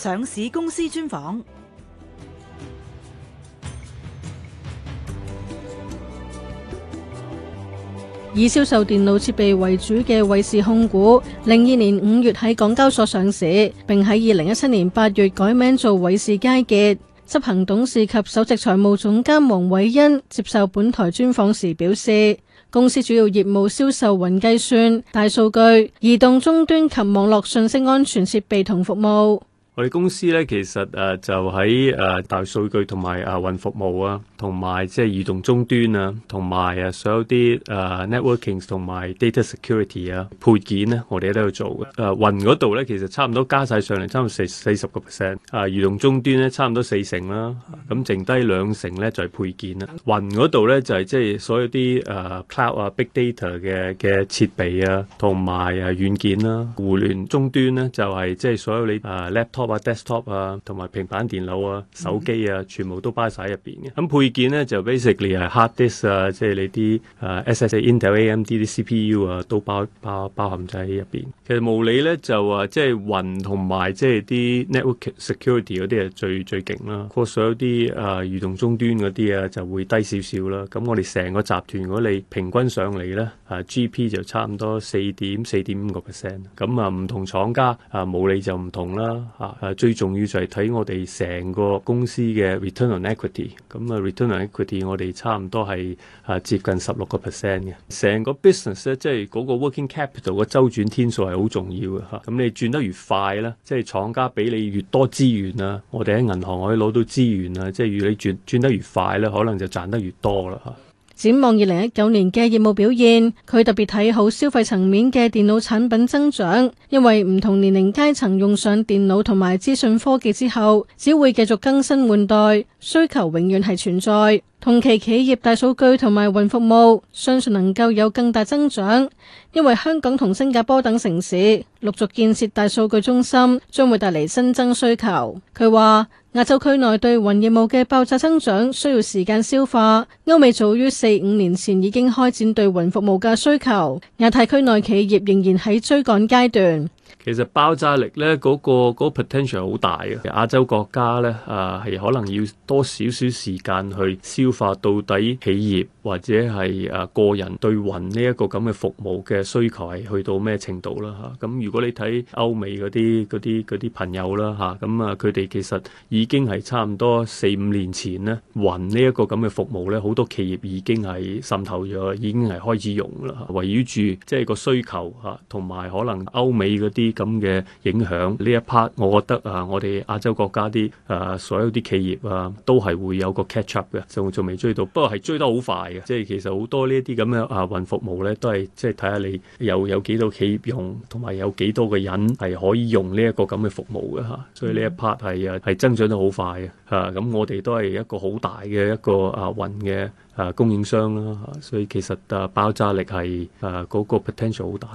上市公司專訪，以銷售電腦設備為主嘅偉仕控股，零二年五月喺港交所上市，並喺二零一七年八月改名做偉仕佳杰。執行董事及首席財務總監王偉炘接受本台專訪時表示，公司主要業務銷售雲計算、大數據、移動終端及網絡信息安全設備同服務。我哋公司呢，其實、呃、就喺呃大數據同埋啊雲服務啊。同埋即係移動終端啊，同埋啊所有啲誒、啊、networkings 同埋 data security 啊配件咧，我哋都有做嘅誒雲嗰度咧，其實差唔多加晒上嚟，差唔多四四十個 percent 啊。移動終端咧，差唔多四成啦，咁剩低兩成咧就係、是、配件啦。雲嗰度咧就係即係所有啲誒、啊、cloud 啊、big data 嘅嘅設備啊，同埋啊軟件啦。互聯終端咧就係即係所有你誒、啊、laptop 啊、desktop 啊，同埋平板電腦啊、手機啊，全部都擺晒喺入邊嘅咁配。件咧就 basically 係 hard disk 啊，即係你啲啊，SSD、Intel、AMD 啲 CPU 啊，都包包包含咗喺入邊。其實毛利咧就，就是、雲和就是是啊，即係雲同埋即係啲 network security 嗰啲係最最勁啦。過所有啲啊移動終端嗰啲啊就會低少少啦。咁我哋成個集團如果你平均上嚟咧啊，GP 就差唔多四點四點五個 percent。咁啊唔同廠家啊毛利就唔同啦。啊，最重要就係睇我哋成個公司嘅 return on equity。咁啊。我哋差唔多係啊接近十六個 percent 嘅，成個 business 即係嗰個 working capital 嘅周轉天數係好重要嘅嚇。咁你轉得越快啦，即係廠家俾你越多資源啊！我哋喺銀行可以攞到資源啊！即係越你轉轉得越快咧，可能就賺得越多啦嚇。展望二零一九年嘅業務表現，佢特別睇好消費層面嘅電腦產品增長，因為唔同年齡階層用上電腦同埋資訊科技之後，只會繼續更新換代。需求永遠係存在，同期企業大數據同埋雲服務相信能夠有更大增長，因為香港同新加坡等城市陸續建設大數據中心，將會帶嚟新增需求。佢話亞洲區內對雲業務嘅爆炸增長需要時間消化，歐美早於四五年前已經開展對雲服務嘅需求，亞太區內企業仍然喺追趕階段。其實爆炸力呢，嗰個嗰個 potential 好大嘅，亞洲國家呢啊係可能要多少少時間去消化到底企業或者係啊個人對雲呢一個咁嘅服務嘅需求係去到咩程度啦，嚇，咁如果你睇歐美嗰啲嗰啲嗰啲朋友啦，嚇，咁啊佢哋其實已經係差唔多四五年前呢，雲呢一個咁嘅服務呢，好多企業已經係滲透咗，已經係開始用啦。圍繞住即係個需求嚇，同埋可能歐美嗰啲。咁嘅影響呢一 part，我覺得啊，我哋亞洲國家啲、啊、所有啲企業啊，都係會有個 catch up 嘅，仲仲未追到，不過係追得好快嘅。即係其實好多呢一啲咁嘅啊雲服務咧，都係即係睇下你有有幾多企業用，同埋有幾多個人係可以用呢一個咁嘅服務嘅嚇。所以呢一 part 係啊係增長得好快嘅嚇。咁我哋都係一個好大嘅一個啊雲嘅啊供應商啦嚇。所以其實啊爆炸力係啊嗰個 potential 好大。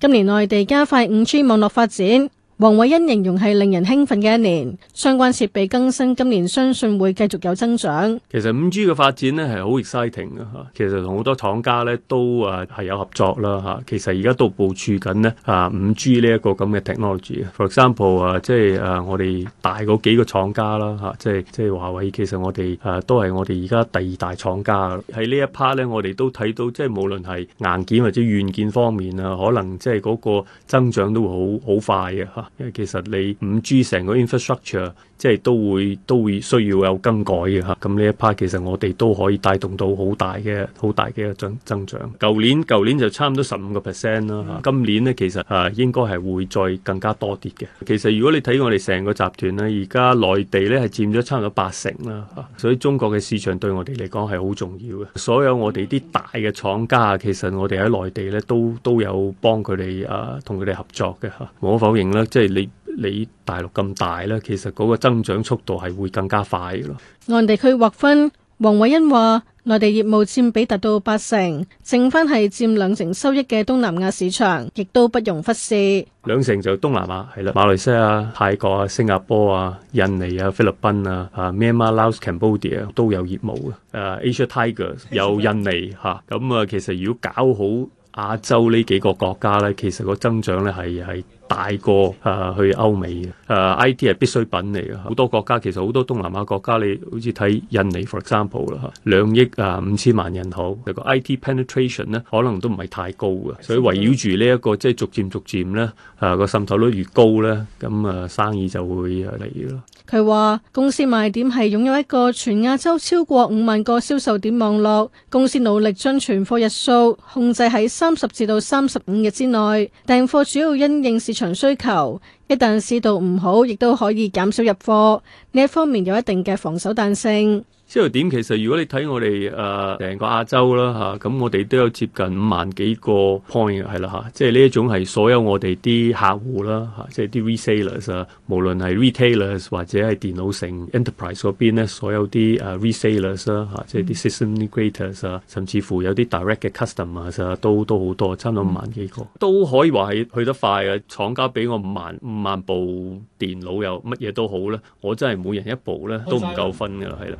今年內地加快 5G 網絡發展。王偉炘形容係令人興奮嘅一年，相關設備更新今年相信會繼續有增長。其實五 G 嘅發展呢係好 exciting 吓，其實同好多廠家咧都啊係有合作啦吓。其實而家都部署緊呢啊五 G 呢一個咁嘅 technology。For example 啊，即係啊我哋大嗰幾個廠家啦吓，即係即係華為。其實我哋啊都係我哋而家第二大廠家。喺呢一 part 咧，我哋都睇到即係無論係硬件或者軟件方面啊，可能即係嗰個增長都會好好快嘅吓。因為其實你 5G 成個 infrastructure 即係都會都會需要有更改嘅吓，咁呢一 part 其實我哋都可以帶動到好大嘅好大嘅增增長。舊年舊年就差唔多十五個 percent 啦，今年咧其實啊應該係會再更加多啲嘅。其實如果你睇我哋成個集團咧，而家內地咧係佔咗差唔多八成啦，所以中國嘅市場對我哋嚟講係好重要嘅。所有我哋啲大嘅廠家，其實我哋喺內地咧都都有幫佢哋啊同佢哋合作嘅吓，無可否認啦。即係你你大陸咁大咧，其實嗰個增長速度係會更加快嘅咯。按地區劃分，王偉炘話：內地業務佔比達到八成，剩翻係佔兩成收益嘅東南亞市場，亦都不容忽視。兩成就東南亞係啦，馬來西亞、泰國啊、新加坡啊、印尼啊、菲律賓啊、啊 Myanmar、Laos、Cambodia 都有業務嘅。誒 Asia Tigers 有印尼嚇，咁啊其實要搞好。亞洲呢幾個國家呢，其實個增長咧係係大過啊去歐美嘅。誒、啊、I T 係必需品嚟嘅，好多國家其實好多東南亞國家，你好似睇印尼 for example 啦，兩億啊五千萬人口，個 I T penetration 呢，可能都唔係太高嘅，所以圍繞住呢一個即係、就是、逐漸逐漸呢啊個滲透率越高呢，咁啊生意就會嚟咯。佢話公司賣點係擁有一個全亞洲超過五萬個銷售點網絡，公司努力將存貨日數控制喺三十至到三十五日之內訂貨，主要因應市場需求。一旦市道唔好，亦都可以減少入貨，呢一方面有一定嘅防守彈性。銷售點其實，如果你睇我哋誒成個亞洲啦咁，啊、我哋都有接近五萬幾個 point 係啦，啊、即係呢一種係所有我哋啲客戶啦，啊、即係啲 resellers 啊，無論係 retailers 或者係電腦城 enterprise 嗰邊咧，所有啲 resellers 啊，re ers，啊即係啲 system integrators 啊，甚至乎有啲 direct 嘅 customers 啊，都都好多，差唔多五萬幾個，嗯、都可以話係去得快嘅。廠家俾我五萬。萬部電腦又乜嘢都好咧，我真係每人一部咧都唔夠分噶啦，係啦。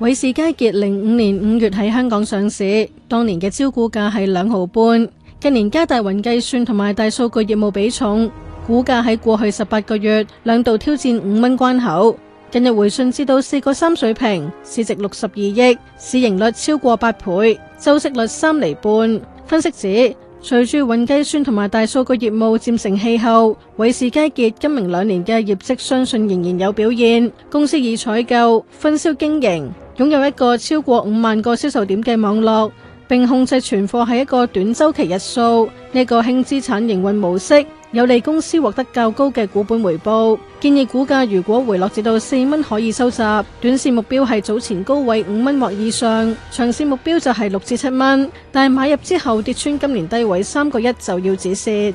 偉 仕佳杰零五年五月喺香港上市，當年嘅招股價係兩毫半，近年加大雲計算同埋大數據業務比重，股價喺過去十八個月兩度挑戰五蚊關口。近日回信至到四個三水平，市值六十二億，市盈率超過八倍，周息率三厘半。分析指，隨住雲計算同埋大數據業務漸成氣候，偉仕佳杰今明兩年嘅業績相信，信仍然有表現。公司已採購分銷經營，擁有一個超過五萬個銷售點嘅網絡，並控制存貨係一個短周期日數呢、這個輕資產營運模式。有利公司獲得較高嘅股本回報，建議股價如果回落至到四蚊可以收集，短線目標係早前高位五蚊或以上，長線目標就係六至七蚊。但係買入之後跌穿今年低位三個一就要止蝕。